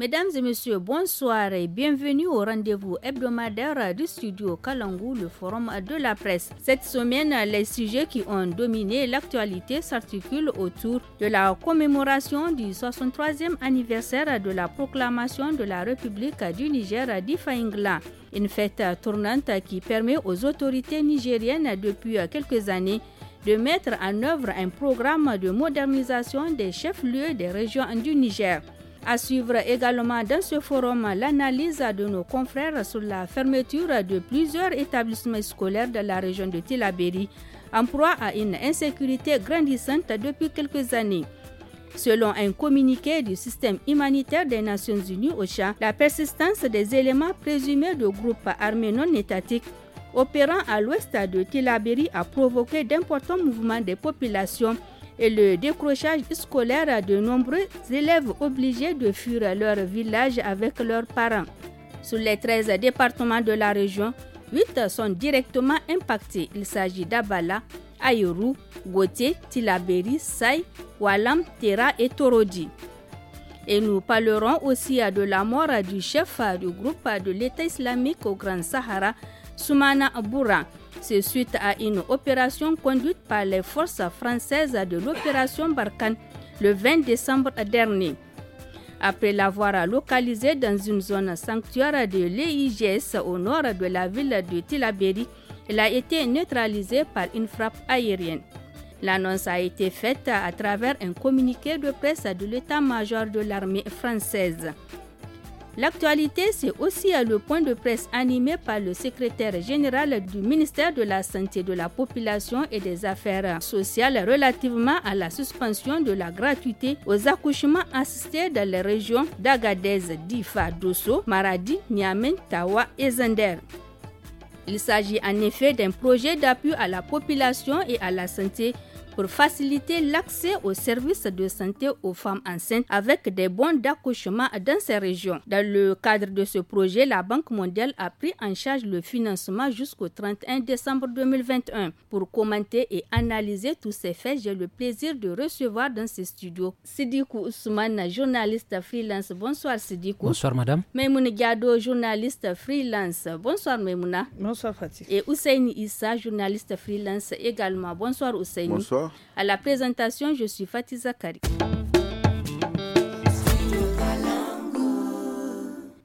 Mesdames et messieurs, bonsoir et bienvenue au rendez-vous hebdomadaire du studio Kalangou, le forum de la presse. Cette semaine, les sujets qui ont dominé l'actualité s'articulent autour de la commémoration du 63e anniversaire de la proclamation de la République du Niger d'Ifaingla. Une fête tournante qui permet aux autorités nigériennes depuis quelques années de mettre en œuvre un programme de modernisation des chefs-lieux des régions du Niger. À suivre également dans ce forum l'analyse de nos confrères sur la fermeture de plusieurs établissements scolaires de la région de Tilaberi, en proie à une insécurité grandissante depuis quelques années. Selon un communiqué du système humanitaire des Nations Unies, au chat la persistance des éléments présumés de groupes armés non étatiques opérant à l'ouest de Tilaberi a provoqué d'importants mouvements des populations et le décrochage scolaire de nombreux élèves obligés de fuir leur village avec leurs parents. Sur les 13 départements de la région, 8 sont directement impactés. Il s'agit d'Abala, Ayuru, Goté, Tilaberi, Sai, Walam, Tera et Torodi. Et nous parlerons aussi de la mort du chef du groupe de l'État islamique au Grand Sahara, Soumana Aboura, C'est suite à une opération conduite par les forces françaises de l'opération Barkhane le 20 décembre dernier. Après l'avoir localisé dans une zone sanctuaire de l'EIGS au nord de la ville de Tilaberi, elle a été neutralisée par une frappe aérienne. L'annonce a été faite à travers un communiqué de presse de l'état-major de l'armée française. L'actualité, c'est aussi le point de presse animé par le secrétaire général du ministère de la Santé de la Population et des Affaires sociales relativement à la suspension de la gratuité aux accouchements assistés dans les régions d'Agadez, Difa, Dosso, Maradi, Niamey, Tawa et Zender. Il s'agit en effet d'un projet d'appui à la population et à la santé pour faciliter l'accès aux services de santé aux femmes enceintes avec des bons d'accouchement dans ces régions. Dans le cadre de ce projet, la Banque mondiale a pris en charge le financement jusqu'au 31 décembre 2021. Pour commenter et analyser tous ces faits, j'ai le plaisir de recevoir dans ce studio Sidikou Ousmane, journaliste freelance. Bonsoir Sidikou. Bonsoir madame. Maimouna Gado, journaliste freelance. Bonsoir Maimouna. Bonsoir Fatih. Et Ousseini Issa, journaliste freelance également. Bonsoir Ousseini. Bonsoir. À la présentation, je suis Fatiza Kari.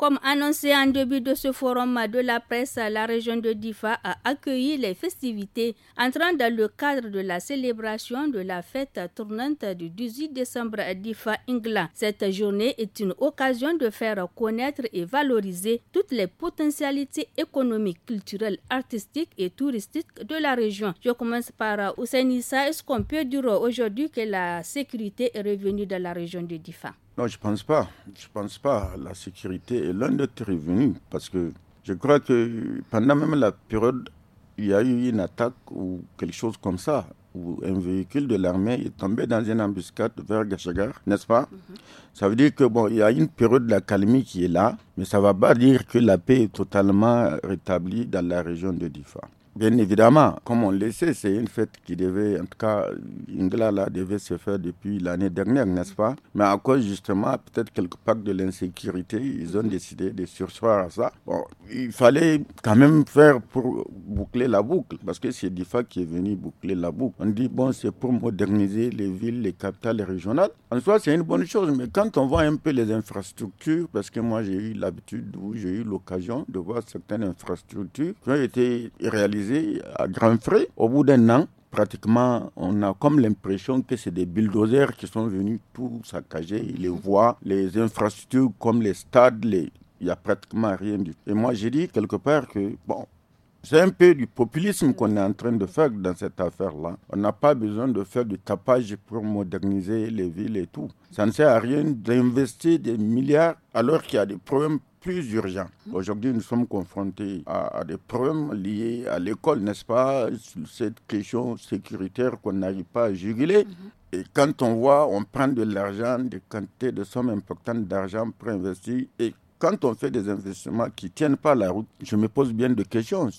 Comme annoncé en début de ce forum de la presse, la région de Difa a accueilli les festivités entrant dans le cadre de la célébration de la fête tournante du 18 décembre à Difa Ingla. Cette journée est une occasion de faire connaître et valoriser toutes les potentialités économiques, culturelles, artistiques et touristiques de la région. Je commence par Hussein Est-ce qu'on peut dire aujourd'hui que la sécurité est revenue dans la région de Difa? Non, je ne pense pas. Je pense pas. La sécurité est loin tes revenus. parce que je crois que pendant même la période, il y a eu une attaque ou quelque chose comme ça, où un véhicule de l'armée est tombé dans une embuscade vers Gachagar, n'est-ce pas mhm. Ça veut dire que bon, il y a une période de la d'accalmie qui est là, mais ça ne va pas dire que la paix est totalement rétablie dans la région de Difa. Bien évidemment, comme on le sait, c'est une fête qui devait, en tout cas, Ingla là, devait se faire depuis l'année dernière, n'est-ce pas Mais à cause justement, peut-être quelque part de l'insécurité, ils ont décidé de sursoir à ça. Bon, il fallait quand même faire pour boucler la boucle, parce que c'est DIFA qui est venu boucler la boucle. On dit, bon, c'est pour moderniser les villes, les capitales les régionales. En soi, c'est une bonne chose, mais quand on voit un peu les infrastructures, parce que moi, j'ai eu l'habitude j'ai eu l'occasion de voir certaines infrastructures qui ont été réalisées à grand frais. Au bout d'un an, pratiquement, on a comme l'impression que c'est des bulldozers qui sont venus tout saccager, les voies, les infrastructures comme les stades, les... il n'y a pratiquement rien du tout. Et moi, j'ai dit quelque part que, bon, c'est un peu du populisme qu'on est en train de faire dans cette affaire-là. On n'a pas besoin de faire du tapage pour moderniser les villes et tout. Ça ne sert à rien d'investir des milliards alors qu'il y a des problèmes plus urgent. Aujourd'hui, nous sommes confrontés à, des problèmes liés à l'école, n'est-ce pas Cette question sécuritaire qu'on n'arrive pas à juguler. Mhm. Et quand on voit, on prend de l'argent, des quantités de sommes importantes d'argent pour investir. Et quand on fait des investissements qui ne tiennent pas la route, je me pose bien de questions.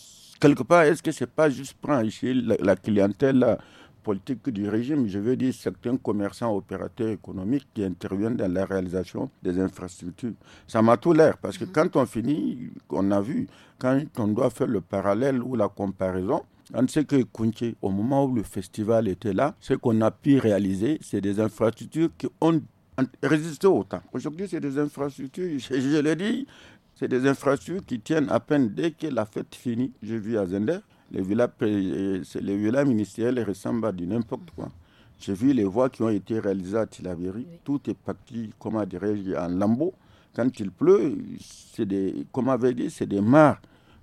Quelque part, est-ce que ce n'est pas juste prendre enrichir la clientèle politique du régime, je veux dire certains commerçants, opérateurs économiques qui interviennent dans la réalisation des infrastructures. Ça m'a tout l'air, parce que mhm. quand on finit, on a vu, quand on doit faire le parallèle ou la comparaison, on sait que Kunche, au moment où le festival était là, ce qu'on a pu réaliser, c'est des infrastructures qui ont résisté au temps. Aujourd'hui, c'est des infrastructures, je, le dis, c'est des infrastructures qui tiennent à peine dès que la fête finit. je vis à Zender, les villas, euh, les ressemblent à du n'importe quoi. J'ai vu les voies qui ont été réalisées à Tilaveri. Tout est parti, comment dirais-je, en lambeaux. Quand il pleut, c'est des, comme avait dit, c'est des mares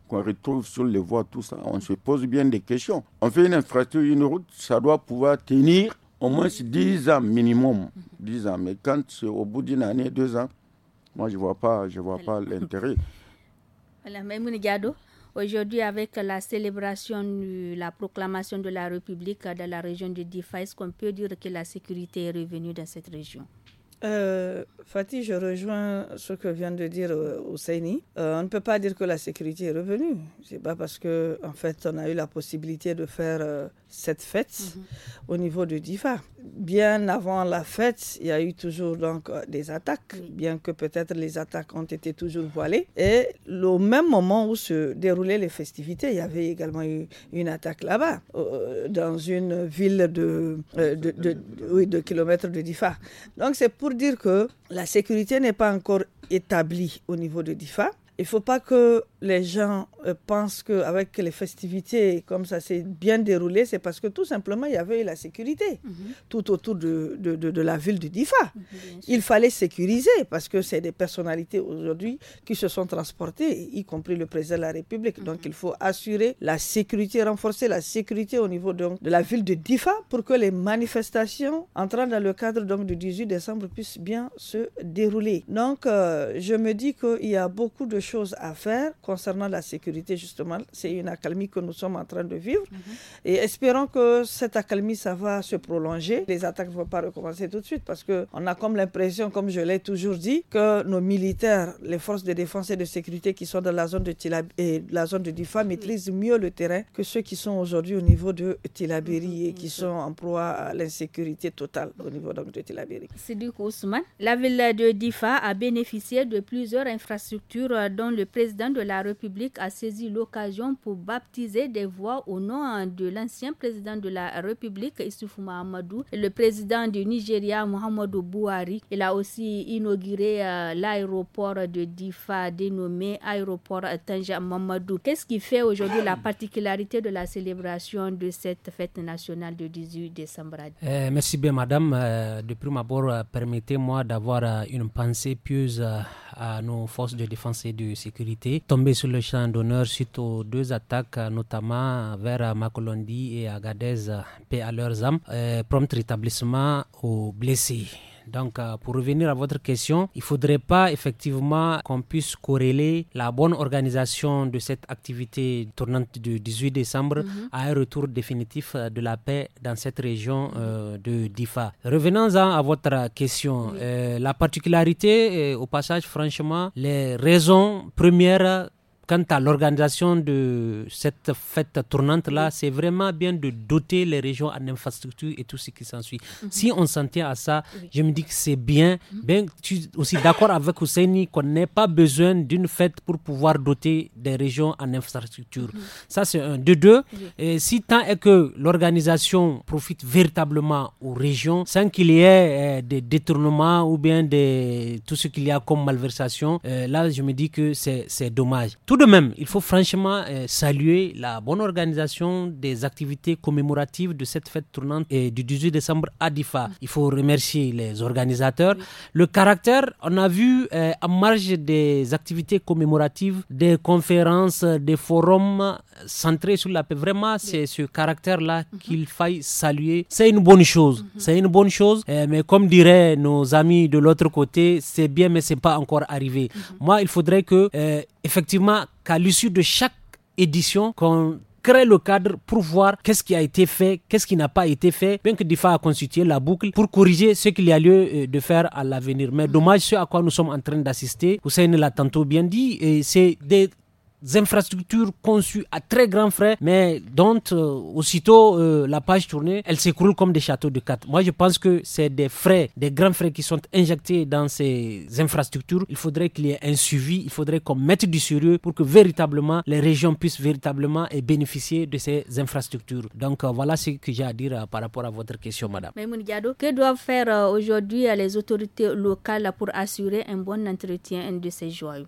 qu'on retrouve sur les voies, tout ça. On se pose bien des questions. On fait une infrastructure, une route, ça doit pouvoir tenir au moins 10 ans minimum. 10 mhm. ans. Mais quand c'est au bout d'une année, deux ans, moi, je ne vois pas, je vois pas l'intérêt. Aujourd'hui, avec la célébration de la proclamation de la République dans la région de Difaïs, qu'on peut dire que la sécurité est revenue dans cette région. Euh, Fatih, je rejoins ce que vient de dire euh, Ousseini. Euh, on ne peut pas dire que la sécurité est revenue. C'est pas parce que, en fait, on a eu la possibilité de faire cette fête mhm. au niveau de DIFA. Bien avant la fête, il y a eu toujours donc des attaques, bien que peut-être les attaques ont été toujours voilées. Et au même moment où se déroulaient les festivités, il y avait également eu une attaque là-bas, dans une ville de, oui, de kilomètres de DIFA. Donc c'est pour pour dire que la sécurité n'est pas encore établie au niveau de DIFA. Il ne faut pas que les gens euh, pensent qu'avec les festivités, comme ça s'est bien déroulé, c'est parce que tout simplement, il y avait la sécurité mhm. tout autour de, la ville de Difa. Mhm, il fallait sécuriser parce que c'est des personnalités aujourd'hui qui se sont transportées, y compris le président de la République. Mhm. Donc, il faut assurer la sécurité, renforcer la sécurité au niveau de, la ville de Difa pour que les manifestations entrant dans le cadre donc, du 18 décembre puissent bien se dérouler. Donc, euh, je me dis qu'il y a beaucoup de choses à faire concernant la sécurité, justement. C'est une accalmie que nous sommes en train de vivre. Mhm. Et espérons que cette accalmie, ça va se prolonger. Les attaques ne vont pas recommencer tout de suite parce qu'on a comme l'impression, comme je l'ai toujours dit, que nos militaires, les forces de défense et de sécurité qui sont dans la zone de, Tilab et la zone de Difa maîtrisent mieux le terrain que ceux qui sont aujourd'hui au niveau de Tilaberi mhm, et mhm, qui sont en proie à l'insécurité totale au niveau donc, de du coup, Ousmane, la ville de Difa a bénéficié de plusieurs infrastructures euh, le président de la République a saisi l'occasion pour baptiser des voix au nom de l'ancien président de la République, Issoufou Mahamadou, et le président du Nigeria, Mohamedou Bouhari. Il a aussi inauguré euh, l'aéroport de Difa, dénommé aéroport Tanja Mamadou. Qu'est-ce qui fait aujourd'hui la particularité de la célébration de cette fête nationale de 18 décembre euh, Merci bien, madame. Euh, de prime abord, permettez-moi d'avoir une pensée pieuse à nos forces de défense et sécurité tombé sur le champ d'honneur suite aux deux attaques, notamment vers Makolondi et Agadez, paix à leurs âmes, euh, prompt rétablissement aux blessés. Donc, euh, pour revenir à votre question, il ne faudrait pas effectivement qu'on puisse corréler la bonne organisation de cette activité tournante du 18 décembre mhm. à un retour définitif euh, de la paix dans cette région euh, de Difa. Revenons-en à votre question. la particularité, au passage, franchement, les raisons premières quant à l'organisation de cette fête tournante-là, c'est vraiment bien de doter les régions en infrastructure et tout ce qui s'ensuit. Mhm. Si on s'en tient à ça, je me dis que c'est bien. Mhm. Bien, tu aussi d'accord avec Ousseini qu'on n'ait pas besoin d'une fête pour pouvoir doter des régions en infrastructure. Mhm. Ça, c'est un. De deux, si tant est que l'organisation profite véritablement aux régions, sans qu'il y ait euh, des détournements ou bien des, tout ce qu'il y a comme malversation, euh, là, je me dis que c'est dommage. Tout même, il faut franchement euh, saluer la bonne organisation des activités commémoratives de cette fête tournante et euh, du 18 décembre à Difa. Il faut remercier les organisateurs. Le caractère, on a vu euh, en marge des activités commémoratives, des conférences, des forums centrés sur la paix. Vraiment, c'est ce caractère-là mhm. qu'il faille saluer. C'est une bonne chose. Mhm. C'est une bonne chose. mais comme diraient nos amis de l'autre côté, c'est bien, mais c'est pas encore arrivé. Mhm. Moi, il faudrait que effectivement qu'à l'issue de chaque édition qu'on crée le cadre pour voir qu'est-ce qui a été fait, qu'est-ce qui n'a pas été fait, bien que DIFA à constitué la boucle pour corriger ce qu'il y a lieu euh, de faire à l'avenir. Mais dommage ce à quoi nous sommes en train d'assister, Hussein l'a tantôt bien dit, c'est des infrastructures conçues à très grands frais, mais dont euh, aussitôt euh, la page tournée, elle s'écroule comme des châteaux de cartes. Moi, je pense que c'est des frais, des grands frais qui sont injectés dans ces infrastructures. Il faudrait qu'il y ait un suivi, il faudrait qu'on mette du sérieux pour que véritablement les régions puissent véritablement bénéficier de ces infrastructures. Donc euh, voilà ce que j'ai à dire par rapport à votre question, madame. Mais que doivent faire aujourd'hui les autorités locales pour assurer un bon entretien de ces joyaux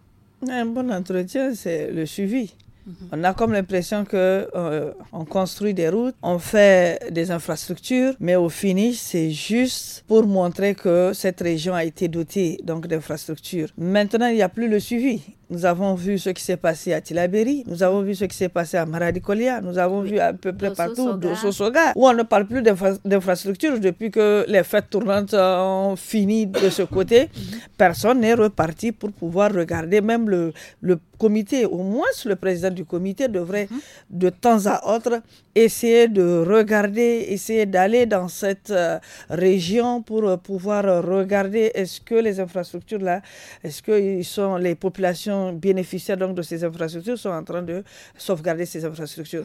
un bon entretien, c'est le suivi. Mhm. On a comme l'impression que euh, on construit des routes, on fait des infrastructures, mais au finish, c'est juste pour montrer que cette région a été dotée donc d'infrastructures. Maintenant, il n'y a plus le suivi. Nous avons vu ce qui s'est passé à Tilaberi, nous avons vu ce qui s'est passé à Maradikolia, nous avons vu à peu près partout, Sosoga, où on ne parle plus d'infrastructures depuis que les fêtes tournantes ont fini de ce côté. Mhm. Personne n'est reparti pour pouvoir regarder même le, le comité, au moins le président du comité devrait mhm. de temps à autre essayer de regarder, essayer d'aller dans cette euh, région pour euh, pouvoir regarder est-ce que les infrastructures là, est-ce que ils sont les populations bénéficiaires donc de ces infrastructures sont en train de sauvegarder ces infrastructures.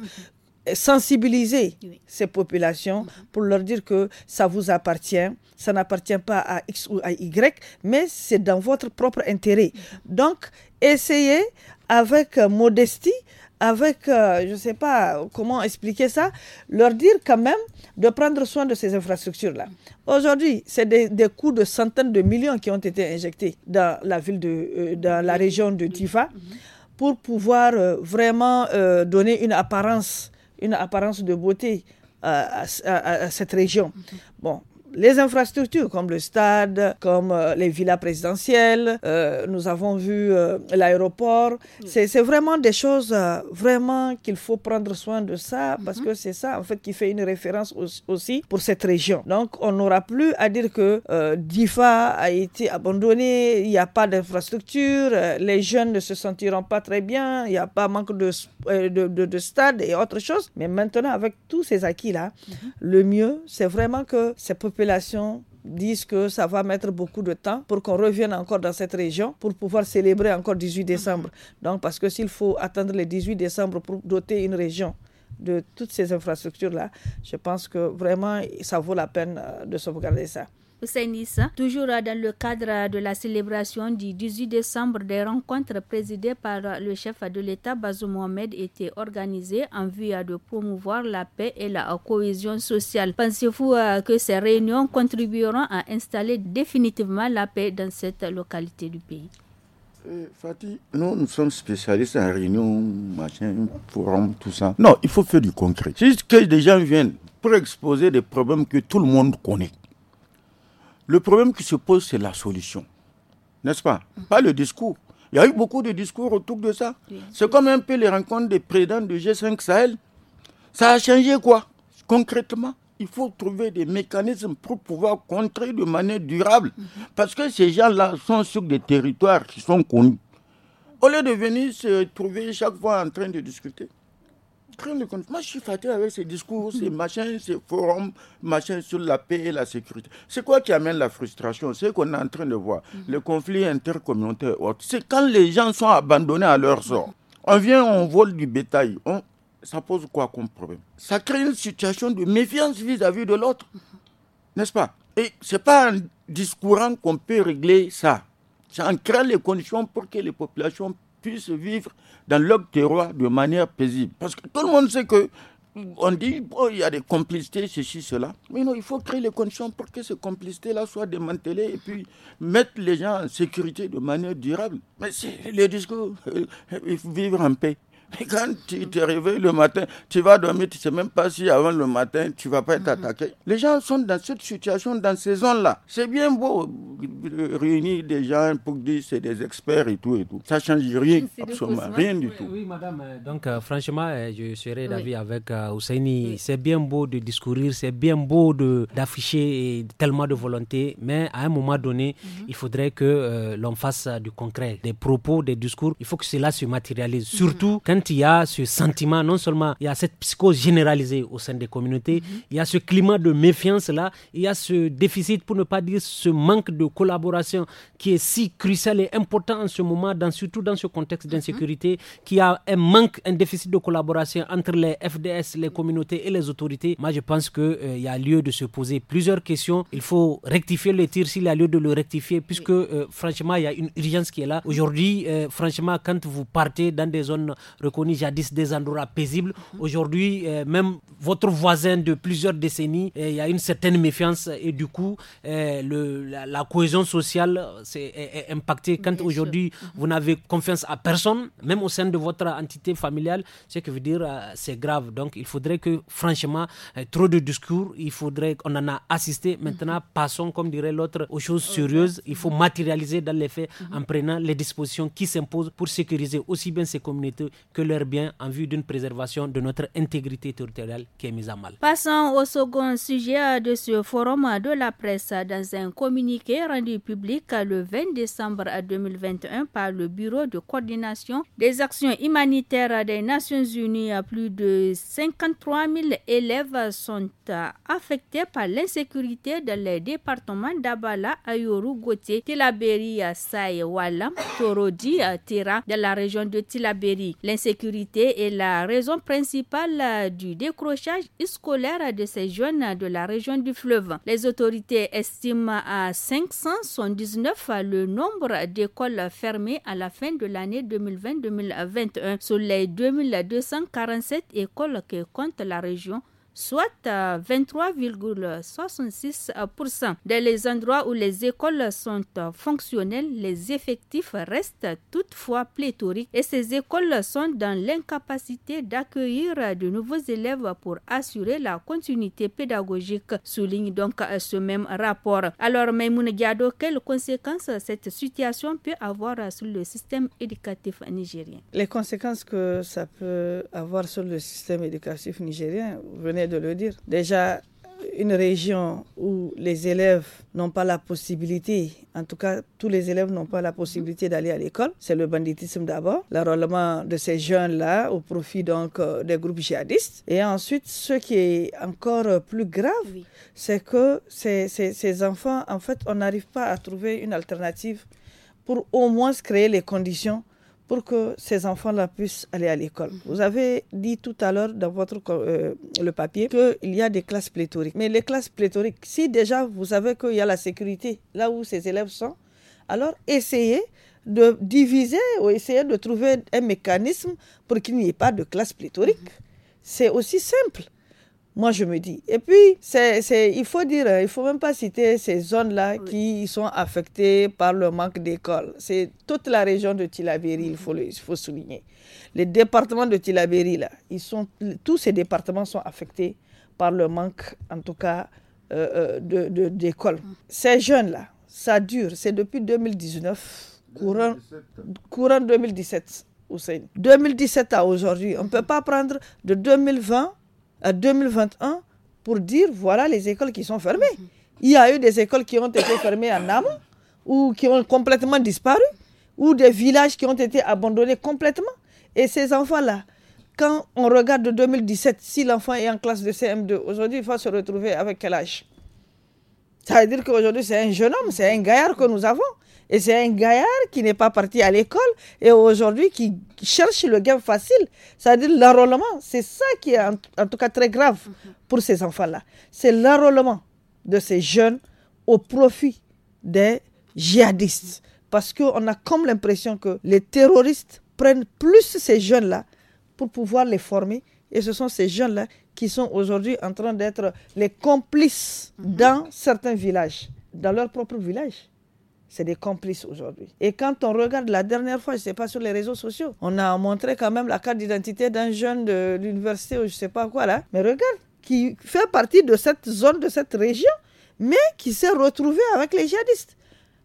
Sensibiliser ces populations mm-hmm. pour leur dire que ça vous appartient, ça n'appartient pas à X ou à Y, mais c'est dans votre propre intérêt. Mm-hmm. Donc, essayez avec modestie avec, euh, je ne sais pas comment expliquer ça, leur dire quand même de prendre soin de ces infrastructures-là. Aujourd'hui, c'est des, coûts de centaines de millions qui ont été injectés dans la ville de, euh, la région de Tifa pour pouvoir euh, vraiment donner une apparence, une apparence de beauté à, à, cette région. Bon, les infrastructures comme le stade, comme euh, les villas présidentielles, euh, nous avons vu euh, l'aéroport. Mm. C'est vraiment des choses vraiment qu'il faut prendre soin de ça parce mm-hmm. que c'est ça en fait qui fait une référence aussi, pour cette région. Donc on n'aura plus à dire que Difa a été abandonné, il n'y a pas d'infrastructure, les jeunes ne se sentiront pas très bien, il n'y a pas manque de, de, stade et autre chose Mais maintenant avec tous ces acquis là, mm-hmm. le mieux c'est vraiment que ces populations populations disent que ça va mettre beaucoup de temps pour qu'on revienne encore dans cette région pour pouvoir célébrer encore 18 décembre. Donc, parce que s'il faut attendre le 18 décembre pour doter une région de toutes ces infrastructures-là, je pense que vraiment, ça vaut la peine euh, de sauvegarder ça toujours dans le cadre de la célébration du 18 décembre, des rencontres présidées par le chef de l'État Bazou Mohamed étaient organisées en vue de promouvoir la paix et la cohésion sociale. Pensez-vous euh, que ces réunions contribueront à installer définitivement la paix dans cette localité du pays euh, Fatih, nous, nous sommes spécialistes en réunion, machin, forum, tout ça. Non, il faut faire du concret. Juste que des gens viennent pour exposer des problèmes que tout le monde connaît. Le problème qui se pose, c'est la solution. N'est-ce pas Pas le discours. Il y a eu beaucoup de discours autour de ça. C'est comme un peu les rencontres des présidents de G5 Sahel. Ça a changé quoi Concrètement, il faut trouver des mécanismes pour pouvoir contrer de manière durable. Mhm. Parce que ces gens-là sont sur des territoires qui sont connus. Au lieu de venir se trouver chaque fois en train de discuter, moi, je suis fatigué avec ces discours, ces machins, ces forums, machins sur la paix et la sécurité. C'est quoi qui amène la frustration C'est ce qu'on est en train de voir. Mhm. Le conflit intercommunautaire, c'est quand les gens sont abandonnés à leur sort. On vient, on vole du bétail. On... Ça pose quoi comme problème Ça crée une situation de méfiance vis-à-vis de l'autre. Mhm. N'est-ce pas Et ce n'est pas en discours qu'on peut régler ça. Ça en les conditions pour que les populations puissent vivre dans leur terroir de manière paisible. Parce que tout le monde sait que on dit oh, il y a des complicités, ceci, cela. Mais non, il faut créer les conditions pour que ces complicités-là soient démantelées et puis mettre les gens en sécurité de manière durable. Mais c'est le discours, faut euh, euh, vivre en paix. Mais quand tu te réveilles le matin, tu vas dormir, tu ne sais même pas si avant le matin, tu ne vas pas être mm-hmm. attaqué. Les gens sont dans cette situation, dans ces zones-là. C'est bien beau de euh, réunir des gens pour dire c'est des experts et tout et tout. Ça ne change rien, absolument rien du tout. Oui, madame. Euh, donc, euh, franchement, je serais d'avis avec euh, C'est bien beau de discourir, c'est bien beau d'afficher tellement de volonté, mais à un moment donné, mm-hmm. il faudrait que l'on fasse du concret, des propos, des discours. Il faut que cela se matérialise, mm-hmm. surtout quand il y a ce sentiment, non seulement il y a cette psychose généralisée au sein des communautés, mhm. il y a ce climat de méfiance-là, il y a ce déficit, pour ne pas dire ce manque de collaboration qui est si crucial et important en ce moment, dans, surtout dans ce contexte mhm. d'insécurité, qu'il qui a un manque, un déficit de collaboration entre les FDS, les communautés et les autorités. Moi, je pense qu'il euh, il y a lieu de se poser plusieurs questions. Il faut rectifier le tir s'il y a lieu de le rectifier, puisque euh, franchement, il y a une urgence qui est là. Aujourd'hui, euh, franchement, quand vous partez dans des zones connu jadis des endroits paisibles. Aujourd'hui, euh, même votre voisin de plusieurs décennies, euh, il y a une certaine méfiance et du coup, euh, le, la, cohésion sociale est, impacté impactée. Quand aujourd'hui, vous n'avez confiance à personne, même au sein de votre entité familiale, ce que veut dire, c'est grave. Donc, il faudrait que, franchement, trop de discours, il faudrait qu'on en a assisté. Maintenant, mhm. passons, comme dirait l'autre, aux choses sérieuses. Il faut matérialiser dans les faits mhm. en prenant les dispositions qui s'imposent pour sécuriser aussi bien ces communautés que que bien bien en vue d'une préservation de notre intégrité territoriale qui est mise à mal. Passons au second sujet de ce forum de la presse. Dans un communiqué rendu public le 20 décembre 2021 par le Bureau de coordination des actions humanitaires des Nations Unies, plus de 53 000 élèves sont affectés par l'insécurité dans les départements d'Abala, Ayoru, Gauthier, Tilaberi, Walam, Torodi, Tira, de la région de Tilaberi. Sécurité est la raison principale euh, du décrochage scolaire de ces jeunes de la région du fleuve. Les autorités estiment à 579 euh, le nombre d'écoles fermées à la fin de l'année 2020-2021 sur les 2247 écoles que compte la région soit 23,66%. Euh, dans les endroits où les écoles sont euh, fonctionnelles, les effectifs restent toutefois pléthoriques et ces écoles sont dans l'incapacité d'accueillir de nouveaux élèves pour assurer la continuité pédagogique, souligne donc euh, ce même rapport. Alors, Maimoun Diado, quelles conséquences cette situation peut avoir sur le système éducatif nigérien Les conséquences que ça peut avoir sur le système éducatif nigérien, venez de le dire. Déjà, une région où les élèves n'ont pas la possibilité, en tout cas tous les élèves n'ont pas la possibilité d'aller à l'école, c'est le banditisme d'abord, l'enrôlement de ces jeunes-là au profit donc euh, des groupes djihadistes. Et ensuite, ce qui est encore plus grave, c'est que ces, ces, ces enfants, en fait, on n'arrive pas à trouver une alternative pour au moins créer les conditions pour que ces enfants-là puissent aller à l'école. Mhm. Vous avez dit tout à l'heure dans votre euh, le papier qu'il y a des classes pléthoriques. Mais les classes pléthoriques, si déjà vous savez qu'il y a la sécurité là où ces élèves sont, alors essayez de diviser ou essayez de trouver un mécanisme pour qu'il n'y ait pas de classes pléthoriques. Mhm. C'est aussi simple. Moi, je me dis. Et puis, c'est, il faut dire, hein, il faut même pas citer ces zones-là qui sont affectées par le manque d'école C'est toute la région de Tillabéri il faut, le, il faut souligner. Les départements de Tillabéri là, ils sont, tous ces départements sont affectés par le manque, en tout cas, euh, euh, de, de, d'écoles. Hum. Ces jeunes-là, ça dure. C'est depuis 2019, courant, 2017. courant 2017. Hussein. 2017 à aujourd'hui, on ne peut pas prendre de 2020 à 2021 pour dire voilà les écoles qui sont fermées. Mhm. Il y a eu des écoles qui ont été fermées en amont ou qui ont complètement disparu ou des villages qui ont été abandonnés complètement. Et ces enfants-là, quand on regarde de 2017, si l'enfant est en classe de CM2, aujourd'hui, il va se retrouver avec quel âge Ça veut dire qu'aujourd'hui, c'est un jeune homme, c'est un gaillard que nous avons. Et c'est un gaillard qui n'est pas parti à l'école et aujourd'hui qui cherche le gain facile, c'est-à-dire l'enrôlement. C'est ça qui est en, tout cas très grave pour ces enfants-là. C'est l'enrôlement de ces jeunes au profit des djihadistes. Parce qu'on a comme l'impression que les terroristes prennent plus ces jeunes-là pour pouvoir les former. Et ce sont ces jeunes-là qui sont aujourd'hui en train d'être les complices mhm. dans certains villages, dans leur propre village c'est des complices aujourd'hui. Et quand on regarde la dernière fois, je ne sais pas, sur les réseaux sociaux, on a montré quand même la carte d'identité d'un jeune de l'université ou je ne sais pas quoi là. Mais regarde, qui fait partie de cette zone, de cette région, mais qui s'est retrouvé avec les djihadistes.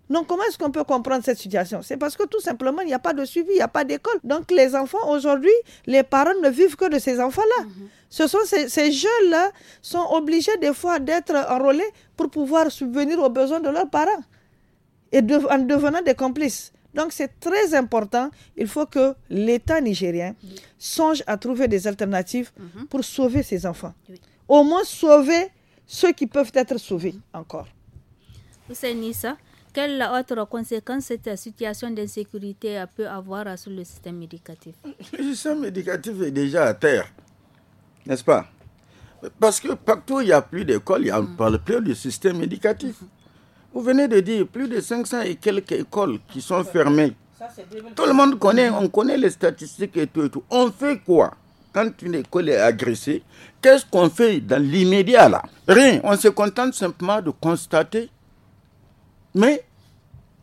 Donc comment est-ce qu'on peut comprendre cette situation C'est parce que tout simplement, il n'y a pas de suivi, il n'y a pas d'école. Donc les enfants, aujourd'hui, les parents ne vivent que de ces enfants-là. Mm-hmm. Ce sont ces, ces jeunes-là sont obligés des fois d'être enrôlés pour pouvoir subvenir aux besoins de leurs parents et en devenant des complices. Donc c'est très important, il faut que l'État nigérien songe à trouver des alternatives mhm. pour sauver ses enfants. Au moins sauver ceux qui peuvent être sauvés mhm. encore. Nissa, quelle autre conséquence cette situation d'insécurité peut avoir sur le système éducatif Le système éducatif est déjà à terre, n'est-ce pas Parce que partout, il n'y a plus d'école, mm. on ne pas parle plus du système éducatif. Mm-hmm. Vous venez de dire plus de 500 et quelques écoles qui sont fermées. tout le monde connaît, on connaît les statistiques et tout et tout. On fait quoi quand une école est agressée Qu'est-ce qu'on fait dans l'immédiat là Rien. On se contente simplement de constater. Mais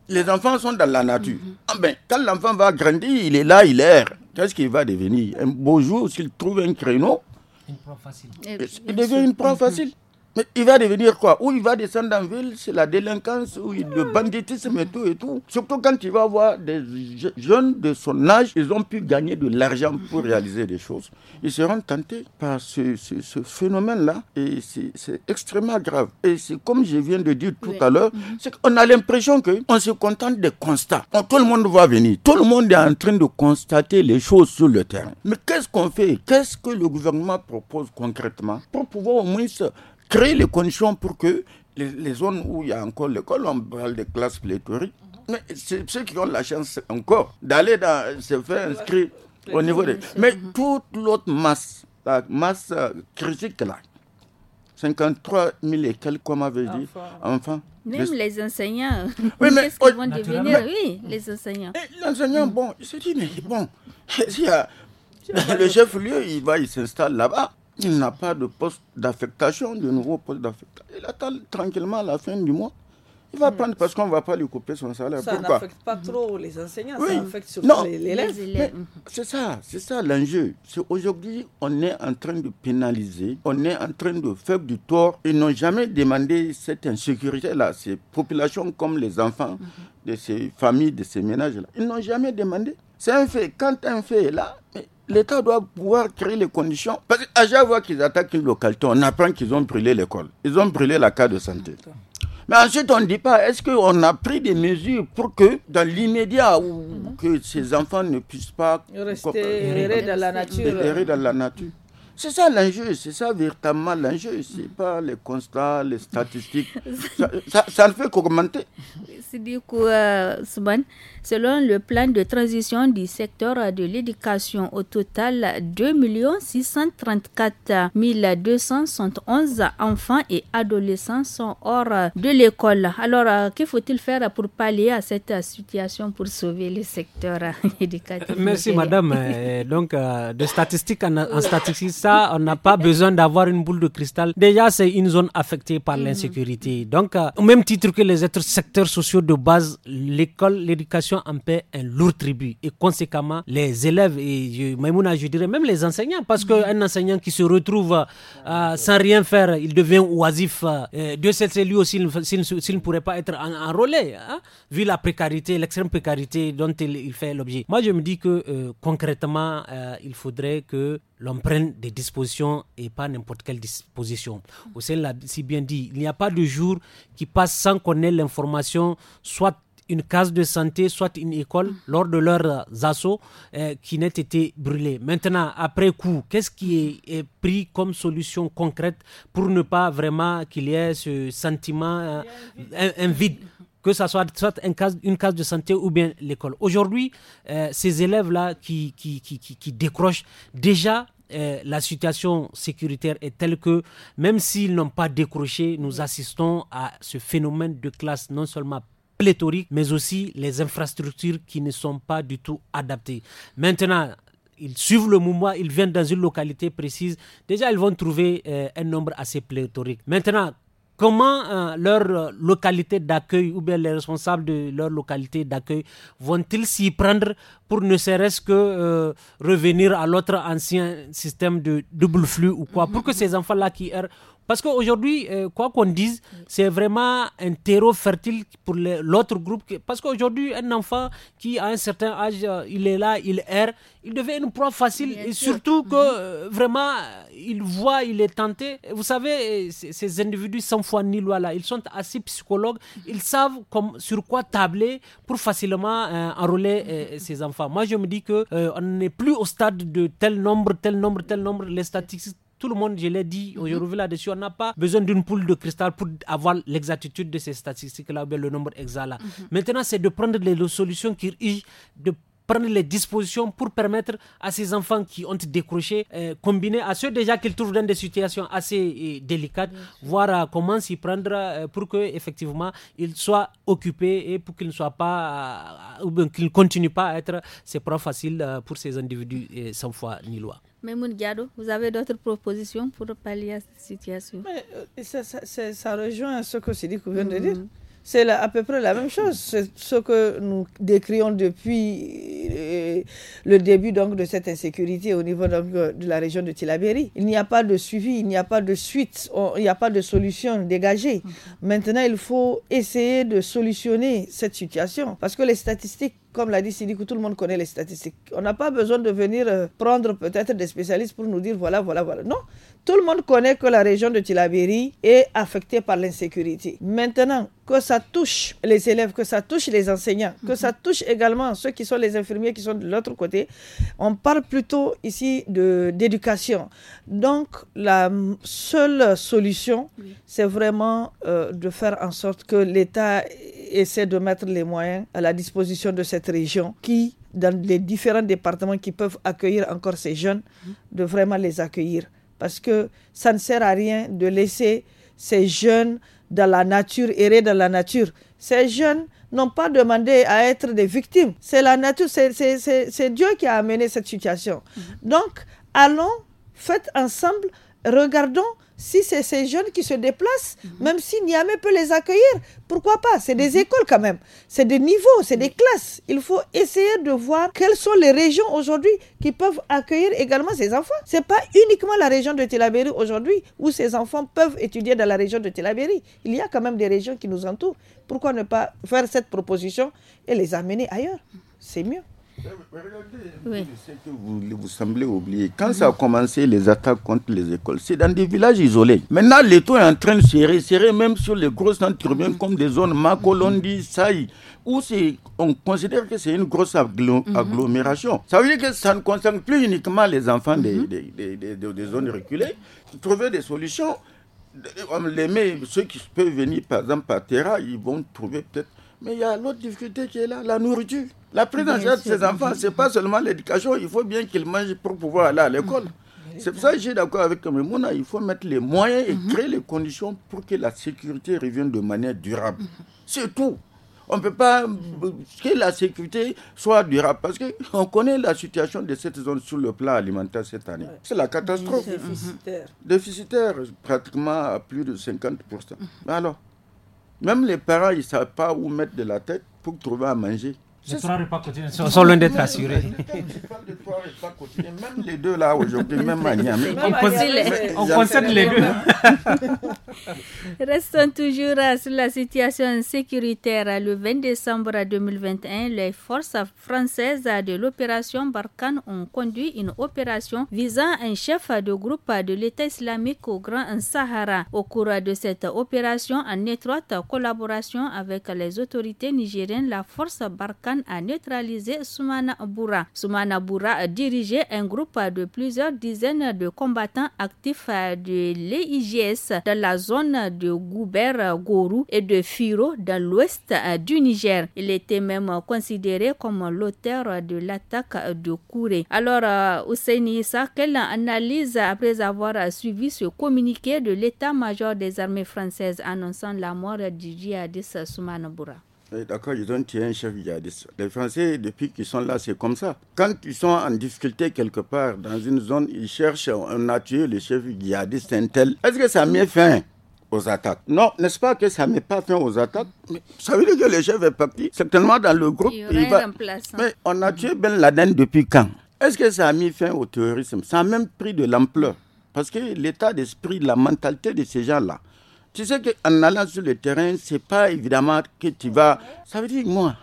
les enfants sont dans la nature. Mhm. Ah ben, quand l'enfant va grandir, il est là, il erre. Qu'est-ce qu'il va devenir Un beau jour, s'il trouve un créneau, Il devient une prof mhm. facile. Mais il va devenir quoi Ou il va descendre en ville, c'est la délinquance, ou le banditisme et tout et tout. Surtout quand il va voir des jeunes de son âge, ils ont pu gagner de l'argent pour réaliser des choses. Ils seront tentés par ce, ce, phénomène-là et c'est extrêmement grave. Et c'est comme je viens de dire tout à l'heure, mm-hmm. c'est qu'on a l'impression qu'on se contente des constats. tout le monde va venir, tout le monde est en train de constater les choses sur le terrain. Mais qu'est-ce qu'on fait Qu'est-ce que le gouvernement propose concrètement pour pouvoir au moins créer les conditions pour que les, zones où il y a encore l'école, on parle des classes pléthoriques, mhm. mais c'est ceux qui ont la chance encore d'aller se faire inscrire au niveau des... Mais toute l'autre masse, la masse euh, critique là, 53 000 et quelques, comme avait dit, enfants. Même les, enseignants. Oui, mais qu'est-ce qu'ils vont devenir Oui, les enseignants. Les enseignants, mm. bon, il dit, mais bon, le chef-lieu, il va, il s'installe là-bas. Il n'a pas de poste d'affectation, de nouveau poste d'affectation. Il attend tranquillement la fin du mois. Il va hmm. prendre parce qu'on ne va pas lui couper son salaire. Ça n'affecte pas trop les enseignants, ça affecte surtout les élèves. Mhm. C'est ça, c'est ça l'enjeu. aujourd'hui, on est en train de pénaliser, on est en train de faire du tort. Ils n'ont jamais demandé cette insécurité-là. Ces populations comme les enfants mhm. de ces familles, de ces ménages-là, ils n'ont jamais demandé. C'est un fait. Quand un fait est là, l'État doit pouvoir créer les conditions. Parce qu'à chaque fois qu'ils attaquent une localité, on apprend qu'ils ont brûlé l'école. Ils ont brûlé la carte de santé. Mais ensuite, on ne dit pas, est-ce qu'on a pris des mesures pour que, dans l'immédiat, mhm. que ces enfants ne puissent pas... Rester dans la nature. Errer dans la nature. C'est ça l'enjeu, c'est ça véritablement l'enjeu. Ce n'est mm. pas les constats, les statistiques. ça, ne fait qu'augmenter. C'est euh, selon le plan de transition du secteur de l'éducation, au total, 2 634 271 enfants et adolescents sont hors de l'école. Alors, euh, que faut-il faire pour pallier à cette situation pour sauver le secteur éducatif Merci, madame. Donc, euh, de statistiques en, en statistiques, ça on n'a pas besoin d'avoir une boule de cristal. Déjà, c'est une zone affectée par mm. l'insécurité. Donc, euh, au même titre que les autres secteurs sociaux de base, l'école, l'éducation en paie un lourd tribut. Et conséquemment, les élèves, et Maïmouna, je dirais même les enseignants, parce mm. qu'un enseignant qui se retrouve euh, sans rien faire, il devient oisif. Euh, de cette lui aussi, s'il ne pourrait pas être en, enrôlé, hein, vu la précarité, l'extrême précarité dont il fait l'objet. Moi, je me dis que concrètement, il faudrait que l'on prenne des dispositions et pas n'importe quelle disposition. Mm. Hussein l'a si bien dit, il n'y a pas de jour qui passe sans qu'on ait l'information, soit une case de santé, soit une école, mm. lors de leurs assauts euh, qui n'ait été brûlée. Maintenant, après coup, qu'est-ce qui est, pris comme solution concrète pour ne pas vraiment qu'il y ait ce sentiment, euh, un vide que ce soit, soit un une case de santé ou bien l'école. Aujourd'hui, euh, ces élèves-là qui, qui, décrochent, déjà, euh, la situation sécuritaire est telle que même s'ils n'ont pas décroché, nous assistons à ce phénomène de classe non seulement pléthorique, mais aussi les infrastructures qui ne sont pas du tout adaptées. Maintenant, ils suivent le mouvement, ils viennent dans une localité précise, déjà ils vont trouver euh, un nombre assez pléthorique. Maintenant, comment euh, leur euh, localité d'accueil ou bien les responsables de leur localité d'accueil vont-ils s'y prendre pour ne serait-ce que euh, revenir à l'autre ancien système de double flux ou quoi, pour que ces enfants-là qui errent parce qu'aujourd'hui, euh, quoi qu'on dise, c'est vraiment un terreau fertile pour l'autre groupe. Parce qu'aujourd'hui, un enfant qui a un certain âge, euh, il est là, il erre, il devient une proie facile. et surtout mhm. que euh, vraiment, il voit, il est tenté. Vous savez, ces individus sans foi ni loi là, ils sont assez psychologues. Ils savent comme, sur quoi tabler pour facilement enrôler ces enfants. Moi, je me dis que on n'est plus au stade de tel nombre, tel nombre, tel nombre. Les statistiques tout le monde, je l'ai dit, mhm. là-dessus, on n'a pas besoin d'une poule de cristal pour avoir l'exactitude de ces statistiques-là, le nombre exact mhm. Maintenant, c'est de prendre les, solutions qui de prendre les dispositions pour permettre à ces enfants qui ont décroché, euh, à ceux déjà qu'ils trouvent dans des situations assez euh, délicates, voir euh, comment s'y prendre euh, pour que effectivement ils soient occupés et pour qu'ils ne soient pas, ou qu'ils ne continuent pas à être ces profs faciles pour ces individus sans foi ni loi. Mais Diado, vous avez d'autres propositions pour pallier à cette situation Mais, ça, rejoint ce que vous venez de mm-hmm. dire c'est à peu près la même chose. C'est ce que nous décrions depuis euh, le début donc, de cette insécurité au niveau euh, de la région de Tilaberi. Il n'y a pas de suivi, il n'y a pas de suite, il n'y a pas de solution dégagée. Mm-hmm. Maintenant, il faut essayer de solutionner cette situation parce que les statistiques comme l'a dit Sidikou, tout le monde connaît les statistiques. On n'a pas besoin de venir euh, prendre peut-être des spécialistes pour nous dire voilà, voilà, voilà. Non, tout le monde connaît que la région de Tilaberi est affectée par l'insécurité. Maintenant, que ça touche les élèves, que ça touche les enseignants, que ça touche également ceux qui sont les infirmiers qui sont de l'autre côté. On parle plutôt ici d'éducation. Donc la seule solution, c'est vraiment euh, de faire en sorte que l'État essaie de mettre les moyens à la disposition de cette région qui, dans les différents départements qui peuvent accueillir encore ces jeunes, mhm. de vraiment les accueillir parce que ça ne sert à rien de laisser ces jeunes dans la nature, errer dans la nature. Ces jeunes n'ont pas demandé à être des victimes. C'est la nature, c'est Dieu qui a amené cette situation. Mm-hmm. Donc, allons, faites ensemble, regardons si c'est ces jeunes qui se déplacent, même si Niamey peut les accueillir, pourquoi pas C'est des mhm. écoles quand même, c'est des niveaux, c'est des classes. Il faut essayer de voir quelles sont les régions aujourd'hui qui peuvent accueillir également ces enfants. Ce n'est pas uniquement la région de Tilaberi aujourd'hui où ces enfants peuvent étudier dans la région de Tilaberi. Il y a quand même des régions qui nous entourent. Pourquoi ne pas faire cette proposition et les amener ailleurs C'est mieux. Que vous, vous semblez oublier. Quand ça a commencé, les attaques contre les écoles, c'est dans des villages isolés. Maintenant, l'État est en train de serrer, serrer même sur les grosses centres urbains comme des zones Makolondi, Saï, où on considère que c'est une grosse mhm. agglomération. Ça veut dire que ça ne concerne plus uniquement les enfants des, mhm. des, des zones reculées. Trouver des solutions, on les met, ceux qui peuvent venir par exemple par Terra, ils vont trouver peut-être. Mais il y a l'autre difficulté qui est là, la nourriture. La prise de ces enfants, ce n'est pas seulement l'éducation, il faut bien qu'ils mangent pour pouvoir aller à mm-hmm. l'école. C'est pour ça que j'ai d'accord avec Mouna. il faut mettre les moyens et mm-hmm. créer les conditions pour que la sécurité revienne de manière durable. Mm-hmm. C'est tout. On ne peut pas que la sécurité soit durable parce qu'on connaît la situation de cette zone sur le plan alimentaire cette année. C'est la catastrophe. Déficitaire. Déficitaire, pratiquement à plus de 50%. alors, même les parents, ils ne savent pas où mettre de la tête pour trouver à manger. Les trois loin d'être assurés. Je parle de même les deux là aujourd'hui, même à On, on, les deux. Restons toujours euh, sur la situation sécuritaire. Le 20 décembre 2021, les forces françaises de l'opération Barkhane ont conduit une opération visant un chef de groupe de l'État islamique au Grand Sahara. Au cours de cette opération, en étroite collaboration avec les autorités nigériennes, la force Barkhane a neutralisé Soumana Boura. Soumana dirigeait un groupe de plusieurs dizaines de combattants actifs de l'EIGS dans la zone de Goubert-Gourou et de Firo dans l'ouest du Niger. Il était même considéré comme l'auteur de l'attaque de Kouré. Alors, euh, Ouseni quelle analyse après avoir suivi ce communiqué de l'état-major des armées françaises annonçant la mort du djihadiste Soumana eh, d'accord, ils ont tué un chef djihadiste. Les Français, depuis qu'ils sont là, c'est comme ça. Quand ils sont en difficulté quelque part, dans une zone, ils cherchent, on a tué le chef djihadiste, un tel. Est-ce que ça met fin aux attaques. Non, n'est-ce pas que ça ne met pas fin aux attaques Ça veut dire que le chef est parti, certainement dans le groupe. Il, Mais on a tué Ben Laden depuis quand Est-ce que ça a mis fin au terrorisme Ça a même pris de l'ampleur. Parce que l'état d'esprit, la mentalité de ces gens-là, tu sais qu'en allant sur le terrain, c'est pas évidemment que tu vas. Ça veut dire, que moi,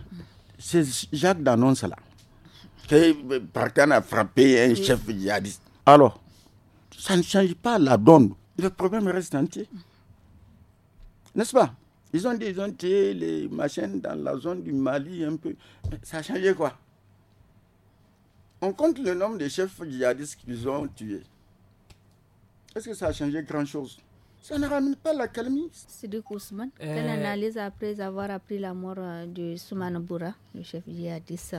c'est Jacques d'annonce là. Que euh, Barkhane a frappé un chef djihadiste. Alors, ça ne change pas la donne. Le problème reste entier. N'est-ce pas ils ont, dit, ont tué les machines dans la zone du Mali un peu. ça a changé quoi On compte le nombre de chefs djihadistes qu'ils ont tués. Est-ce que ça a changé grand-chose ça ne ramène pas la calmie. C'est du euh... quelle analyse après avoir appris la mort euh, de Soumane Boura, le chef djihadiste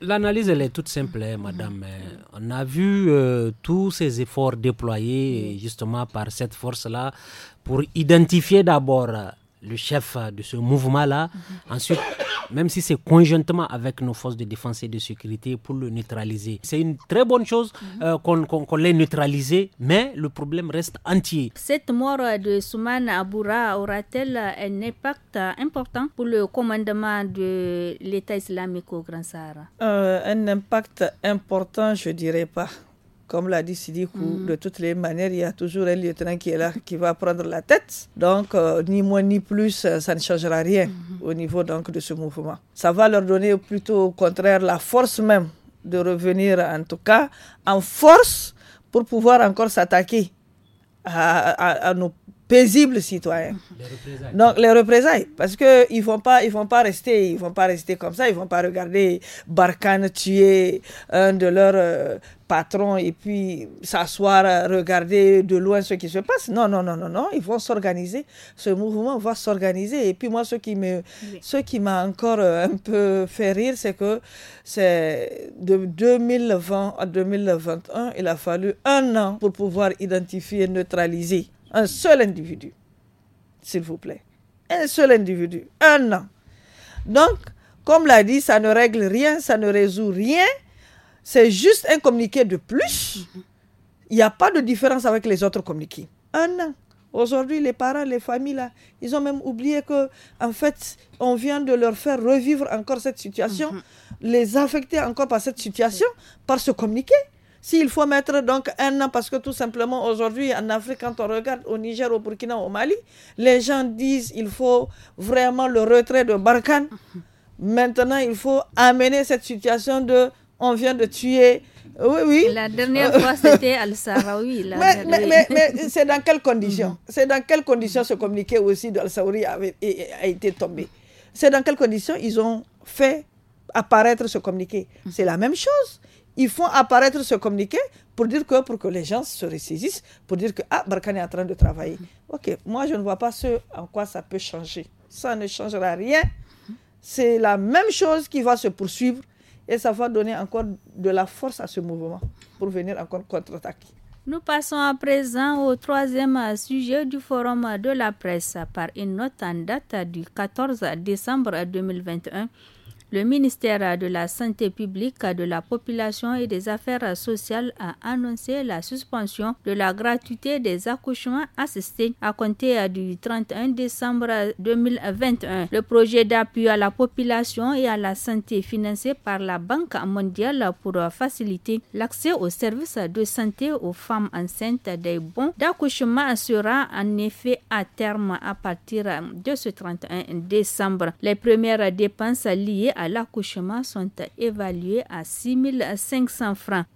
L'analyse, elle est toute simple, hein, madame. Mhm. Euh, on a vu euh, tous ces efforts déployés justement par cette force-là pour identifier d'abord le chef euh, de ce mouvement-là. Mhm. Ensuite, même si c'est conjointement avec nos forces de défense et de sécurité pour le neutraliser. C'est une très bonne chose mhm. euh, qu'on l'ait neutralisé, mais le problème reste entier. Cette mort de Souman Aboura aura-t-elle un impact important pour le commandement de l'État islamique au Grand Sahara euh, Un impact important, je dirais pas. Comme l'a dit Sidikou, mm. de toutes les manières, il y a toujours un lieutenant qui est là, qui va prendre la tête. Donc, euh, ni moins ni plus, euh, ça ne changera rien mm-hmm. au niveau donc, de ce mouvement. Ça va leur donner plutôt au contraire la force même de revenir, en tout cas, en force pour pouvoir encore s'attaquer à, à, à, nos paisibles citoyens. Les Donc les représailles, parce que ils vont pas, ils vont pas rester, ils vont pas rester comme ça, ils vont pas regarder Barkhane tuer un de leurs euh, patrons et puis s'asseoir, euh, regarder de loin ce qui se passe. Non, non, non, non, non, ils vont s'organiser. Ce mouvement va s'organiser. Et puis moi, ce qui me, ce qui m'a encore euh, un peu fait rire, c'est que c'est de 2020 à 2021, il a fallu un an pour pouvoir identifier, neutraliser un seul individu, s'il vous plaît. Un seul individu, un an. Donc, comme l'a dit, ça ne règle rien, ça ne résout rien. C'est juste un communiqué de plus. Il n'y a pas de différence avec les autres communiqués. Un an. Aujourd'hui, les parents, les familles, ils ont même oublié que, en fait, on vient de leur faire revivre encore cette situation, mm-hmm. les affecter encore par cette situation, par ce communiqué. S'il faut mettre donc un an, parce que tout simplement aujourd'hui en Afrique, quand on regarde au Niger, au Burkina, au Mali, les gens disent il faut vraiment le retrait de Barkhane. Maintenant, il faut amener cette situation de on vient de tuer. Oui, oui. La dernière fois, c'était Al-Sarawi. Mais, c'est dans quelles conditions mhm. C'est dans quelles conditions ce communiqué aussi d'Al-Sarawi a été tombé C'est dans quelles conditions ils ont fait apparaître ce communiqué mhm. C'est la même chose ils font apparaître ce communiqué pour dire que pour que les gens se ressaisissent, pour dire que ah Barkhane est en train de travailler. Ok, moi je ne vois pas ce en quoi ça peut changer. Ça ne changera rien. C'est la même chose qui va se poursuivre et ça va donner encore de la force à ce mouvement pour venir encore contre-attaquer. Nous passons à présent au troisième sujet du forum de la presse par une note en date du 14 décembre 2021. Le ministère de la Santé publique, de la Population et des Affaires sociales a annoncé la suspension de la gratuité des accouchements assistés à compter du 31 décembre 2021. Le projet d'appui à la population et à la santé financé par la Banque mondiale pour faciliter l'accès aux services de santé aux femmes enceintes des bons d'accouchement sera en effet à terme à partir de ce 31 décembre. Les premières dépenses liées à à l'accouchement sont évalués à 6 500 francs.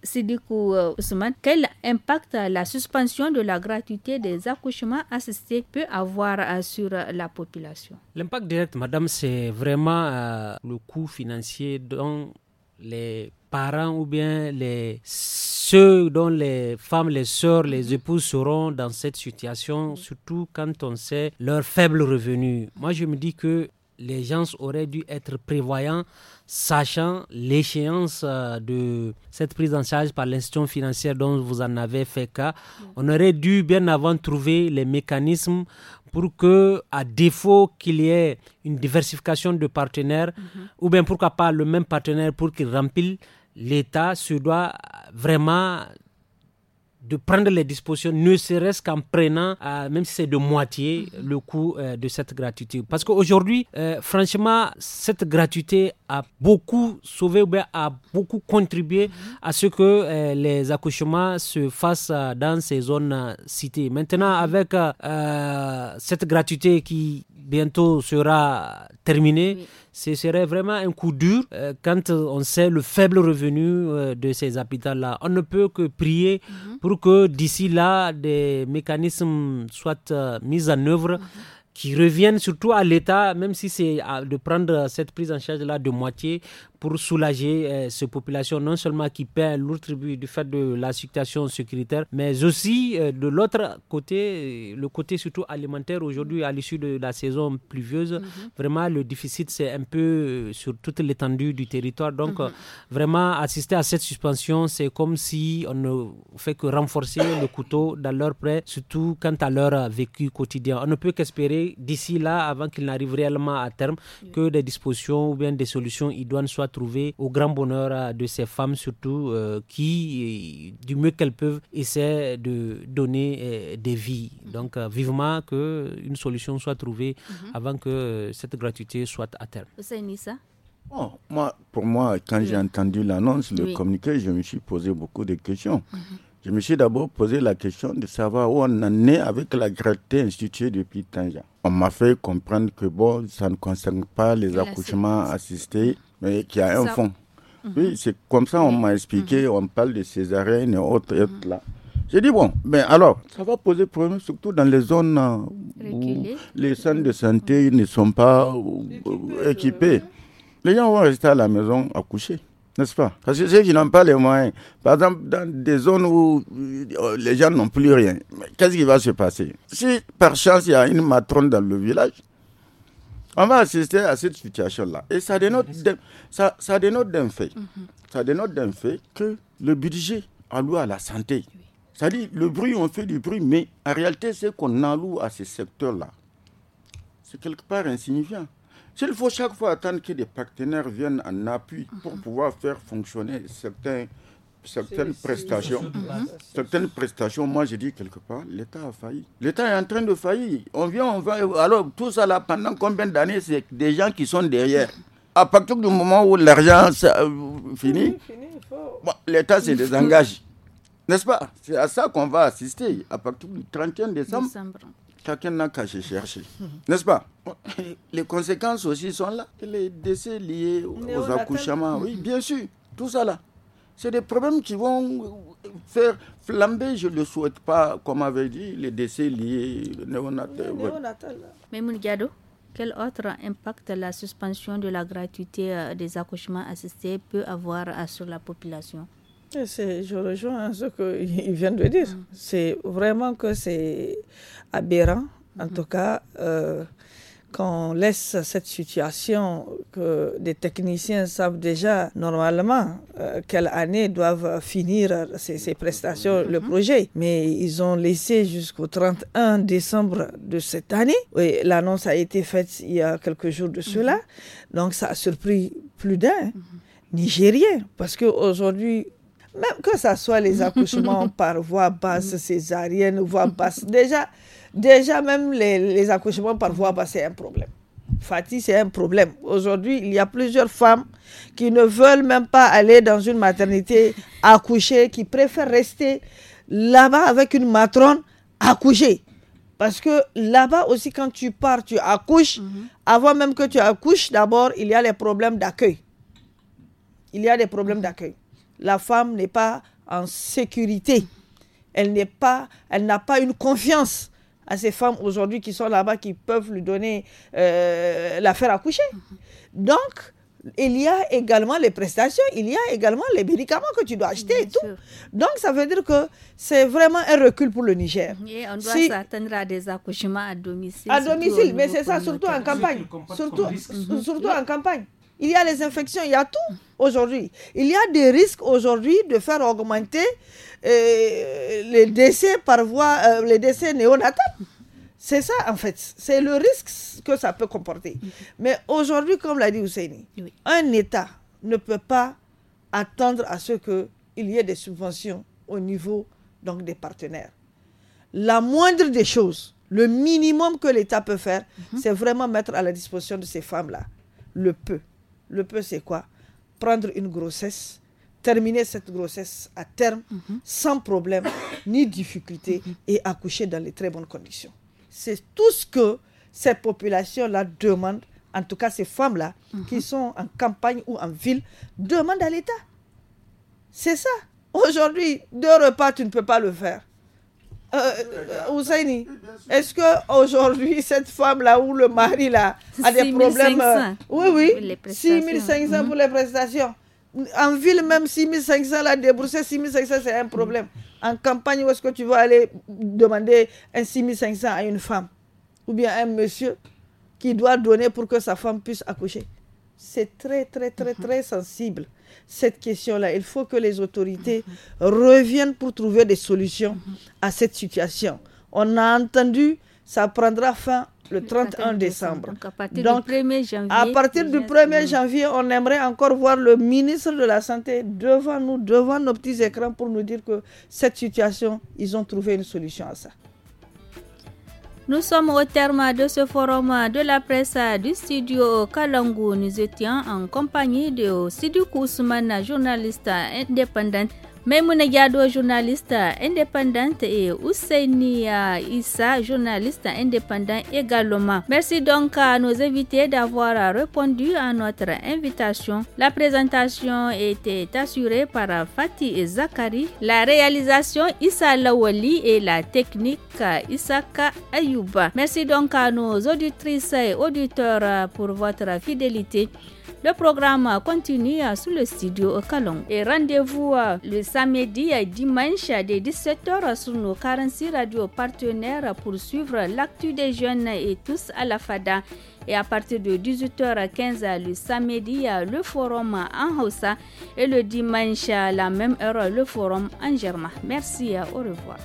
coup, euh, Ousmane, quel impact la suspension de la gratuité des accouchements assistés peut avoir euh, sur la population L'impact direct, madame, c'est vraiment euh, le coût financier dont les parents ou bien les ceux dont les femmes, les sœurs, les mhm. épouses seront dans cette situation, surtout quand on sait leur faible revenu. Moi, je me dis que les gens auraient dû être prévoyants, sachant l'échéance euh, de cette prise en charge par l'institution financière dont vous en avez fait cas. Mm. On aurait dû bien avant trouver les mécanismes pour que, à défaut qu'il y ait une diversification de partenaires, mm-hmm. ou bien pourquoi pas le même partenaire pour qu'il remplisse, l'État se doit vraiment de prendre les dispositions, ne serait-ce qu'en prenant, euh, même si c'est de moitié, le coût euh, de cette gratuité. Parce qu'aujourd'hui, euh, franchement, cette gratuité a beaucoup sauvé ou bien a beaucoup contribué à ce que les accouchements se fassent dans ces zones citées. Maintenant, avec cette gratuité qui bientôt sera terminée, ce serait vraiment un coup dur euh, quand on sait le faible revenu euh, de ces hôpitaux-là. On ne peut que prier mhm. pour que d'ici là, des mécanismes soient euh, mis en œuvre. Mhm. qui reviennent surtout à l'État, même si c'est de prendre cette prise en charge-là de moitié, pour soulager euh, ces populations, non seulement qui paient un lourd tribut du fait de la situation sécuritaire, mais aussi euh, de l'autre côté, euh, le côté surtout alimentaire. Aujourd'hui, à l'issue de la saison pluvieuse, mhm. vraiment le déficit, c'est un peu sur toute l'étendue du territoire. Donc, mhm. vraiment, assister à cette suspension, c'est comme si on ne fait que renforcer le couteau dans leur prêt, surtout quant à leur vécu quotidien. On ne peut qu'espérer d'ici là, avant qu'il n'arrive réellement à terme, que des dispositions ou bien des solutions idoines soient trouver au grand bonheur de ces femmes surtout euh, qui, du mieux qu'elles peuvent, essaient de donner euh, des vies. Mhm. Donc euh, vivement qu'une solution soit trouvée mhm. avant que cette gratuité soit à terme. moi, pour moi, quand j'ai entendu l'annonce, le communiqué, je me suis posé beaucoup de questions. Mhm. Je me suis d'abord posé la question de savoir où on en est avec la gratuité instituée depuis 15 On m'a fait comprendre que bon, ça ne concerne pas les accouchements assistés mais qui a un fond. Mhm. Oui, c'est comme ça, on m'a expliqué, mhm. on parle de ces et autres, et autres là. J'ai dit, bon, mais ben, alors, ça va poser problème, surtout dans les zones euh, où les centres de santé ne sont pas euh, équipés. Euh, les gens vont rester à la maison à coucher, n'est-ce pas Parce que ceux qui n'ont pas les moyens, par exemple, dans des zones où les gens n'ont plus rien, qu'est-ce qui va se passer Si par chance, il y a une matrone dans le village, on va assister à cette situation-là. Et ça dénote d'un ça, ça dénote fait. Mhm. Ça dénote d'un fait que le budget alloué à la santé, c'est-à-dire le bruit, on fait du bruit, mais en réalité, ce qu'on alloue à ces secteurs-là, c'est quelque part insignifiant. S'il faut chaque fois attendre que des partenaires viennent en appui pour mhm. pouvoir faire fonctionner certains certaines prestations, mhm. certaines prestations, moi j'ai dit quelque part, l'État a failli. L'État est en train de faillir. On vient, on va. Alors tout ça là, pendant combien d'années, c'est des gens qui sont derrière. À partir du moment où l'argent euh, finit, l'État se désengage. N'est-ce pas C'est à ça qu'on va assister. À partir du 31 décembre. chacun n'a qu'à se chercher. Mhm. N'est-ce pas Les conséquences aussi sont là. Les décès liés aux accouchements, oui, bien sûr. Tout ça là. C'est des problèmes qui vont faire flamber, je ne le souhaite pas, comme avait dit, les décès liés aux Mais Moungado, quel autre impact la suspension de la gratuité euh, des accouchements assistés peut avoir euh, sur la population je rejoins ce qu'il vient de dire. Mm. C'est vraiment que c'est aberrant. En mm-hmm. tout cas, euh, qu'on laisse cette situation que des techniciens savent déjà normalement euh, quelle année doivent finir ces, prestations, le mhm. projet. Mais ils ont laissé jusqu'au 31 décembre de cette année. l'annonce a été faite il y a quelques jours de cela. Mhm. Donc ça a surpris plus d'un mhm. Nigérien parce qu'aujourd'hui, même que ce soit les accouchements par voie basse, césarienne, voie basse, déjà, Déjà, même les, accouchements par voie basse, c'est un problème. Fatih, c'est un problème. Aujourd'hui, il y a plusieurs femmes qui ne veulent même pas aller dans une maternité accoucher, qui préfèrent rester là-bas avec une matrone accoucher. Parce que là-bas aussi, quand tu pars, tu accouches. Mhm. Avant même que tu accouches, d'abord, il y a les problèmes d'accueil. Il y a des problèmes d'accueil. La femme n'est pas en sécurité. Elle n'est pas, elle n'a pas une confiance à ces femmes aujourd'hui qui sont là-bas, qui peuvent lui donner euh, la faire accoucher. Mhm. Donc, il y a également les prestations, il y a également les médicaments que tu dois acheter et tout. Donc, ça veut dire que c'est vraiment un recul pour le Niger. Et on doit à des accouchements à domicile. À domicile, mais c'est ça, surtout en campagne. Surtout, surtout mhm. en campagne. Il y a les infections, il y a tout aujourd'hui. Il y a des risques aujourd'hui de faire augmenter euh, les décès par voie, euh, les décès néonatales. C'est ça, en fait. C'est le risque que ça peut comporter. Mais aujourd'hui, comme l'a dit Ousseini un État ne peut pas attendre à ce qu'il y ait des subventions au niveau donc, des partenaires. La moindre des choses, le minimum que l'État peut faire, mhm. c'est vraiment mettre à la disposition de ces femmes-là le peu. Le peu, c'est quoi Prendre une grossesse, terminer cette grossesse à terme mhm. sans problème ni difficulté mhm. et accoucher dans les très bonnes conditions. C'est tout ce que ces populations-là demandent, en tout cas ces femmes-là mhm. qui sont en campagne ou en ville, demandent à l'État. C'est ça. Aujourd'hui, deux repas, tu ne peux pas le faire. Euh, euh, Ousaini, est-ce que aujourd'hui cette femme-là ou le mari-là a des problèmes 500. Euh, oui, oui, 6500 pour les prestations en ville même 6500 là débourser 6500 c'est un problème en campagne où est-ce que tu vas aller demander un 6500 à une femme ou bien un monsieur qui doit donner pour que sa femme puisse accoucher c'est très très très mm-hmm. très sensible cette question là il faut que les autorités reviennent pour trouver des solutions mm-hmm. à cette situation on a entendu ça prendra fin le 31 décembre. Donc, à partir du 1er janvier. À partir du 1er janvier, on aimerait encore voir le ministre de la Santé devant nous, devant nos petits écrans, pour nous dire que cette situation, ils ont trouvé une solution à ça. Nous sommes au terme de ce forum de la presse du studio Kalangu. Nous étions en compagnie de Sidou Kousmana, journaliste indépendante. Maimouna journaliste indépendante, et Ousseinia euh, Issa, journaliste indépendant également. Merci donc à nos invités d'avoir répondu à notre invitation. La présentation était assurée par Fatih et Zakari, la réalisation Issa Lawali et la technique Isaka Ayouba. Merci donc à nos auditrices et auditeurs pour votre fidélité. Le programme continue sous le studio et rendez-vous euh, le samedi et dimanche dès 17h sur nos 46 radios partenaires pour suivre l'actu des jeunes et tous à la FADA. Et à partir de 18h15 le samedi, le forum en Hausa et le dimanche à la même heure, le forum en Germain. Merci, au revoir.